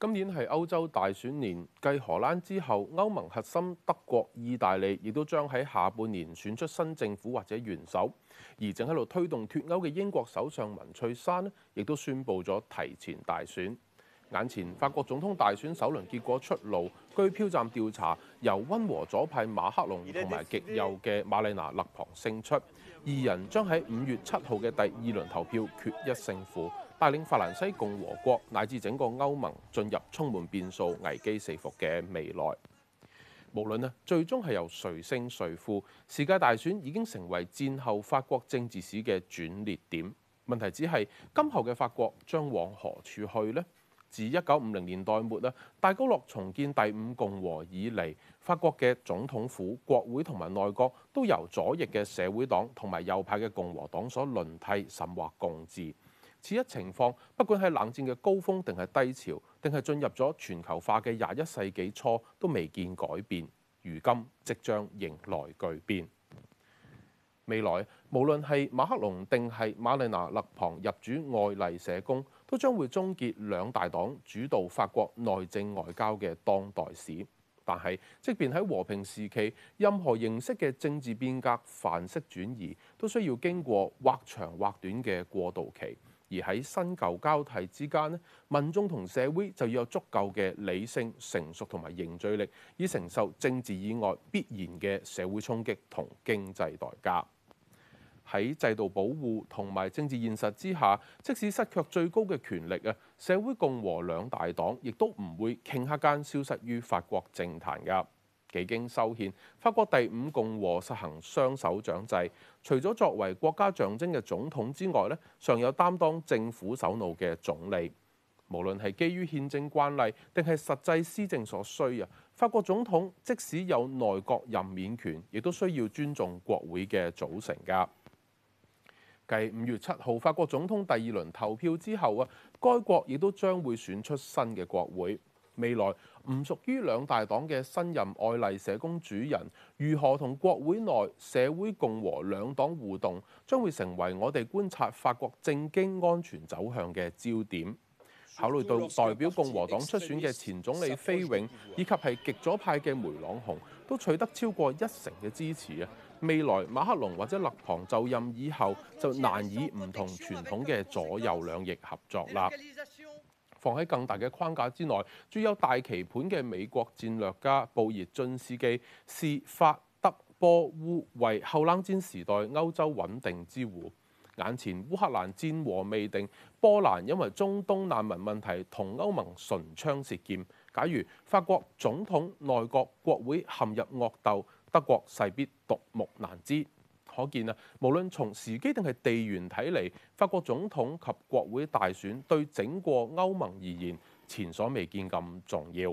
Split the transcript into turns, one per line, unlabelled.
今年係歐洲大選年，繼荷蘭之後，歐盟核心德國、意大利亦都將喺下半年選出新政府或者元首，而正喺度推動脱歐嘅英國首相文翠珊呢，亦都宣佈咗提前大選。眼前，法國總統大選首輪結果出爐，據票站調查，由溫和左派馬克龍同埋極右嘅瑪麗娜勒龐勝出，二人將喺五月七號嘅第二輪投票決一勝負，帶領法蘭西共和國乃至整個歐盟進入充滿變數、危機四伏嘅未來。無論啊，最終係由誰勝誰負，世界大選已經成為戰後法國政治史嘅轉捩點。問題只係，今後嘅法國將往何處去呢？自一九五零年代末咧，戴高樂重建第五共和以嚟，法國嘅總統府、國會同埋內閣都由左翼嘅社會黨同埋右派嘅共和黨所輪替，甚或共治。此一情況，不管係冷戰嘅高峰定係低潮，定係進入咗全球化嘅廿一世紀初，都未見改變，如今，即將迎來巨變。未來無論係馬克龍定係馬麗娜勒旁入主愛麗舍宮，都將會終結兩大黨主導法國內政外交嘅當代史。但係，即便喺和平時期，任何形式嘅政治變革、範式轉移，都需要經過或長或短嘅過渡期。而喺新舊交替之間，呢民眾同社會就要有足夠嘅理性、成熟同埋凝聚力，以承受政治以外必然嘅社會衝擊同經濟代價。喺制度保護同埋政治現實之下，即使失卻最高嘅權力啊，社會共和兩大黨亦都唔會頃刻間消失於法國政壇噶。幾經修憲，法國第五共和實行雙首長制，除咗作為國家象徵嘅總統之外呢，尚有擔當政府首腦嘅總理。無論係基於憲政慣例，定係實際施政所需啊，法國總統即使有內閣任免權，亦都需要尊重國會嘅組成噶。繼五月七號，法國總統第二輪投票之後啊，該國亦都將會選出新嘅國會。未來唔屬於兩大黨嘅新任愛麗舍宮主人，如何同國會內社會共和兩黨互動，將會成為我哋觀察法國政經安全走向嘅焦點。考慮到代表共和黨出選嘅前總理菲永，以及係極左派嘅梅朗雄，都取得超過一成嘅支持啊！未來馬克龍或者勒龐就任以後，就難以唔同傳統嘅左右兩翼合作啦。放喺更大嘅框架之內，著有大棋盤嘅美國戰略家布熱津斯基，視法德波烏為後冷戰時代歐洲穩定之護。眼前烏克蘭戰和未定，波蘭因為中東難民問題同歐盟唇槍舌劍。假如法國總統內閣國會陷入惡鬥，德國勢必獨木難支。可見啊，無論從時機定係地緣睇嚟，法國總統及國會大選對整個歐盟而言，前所未見咁重要。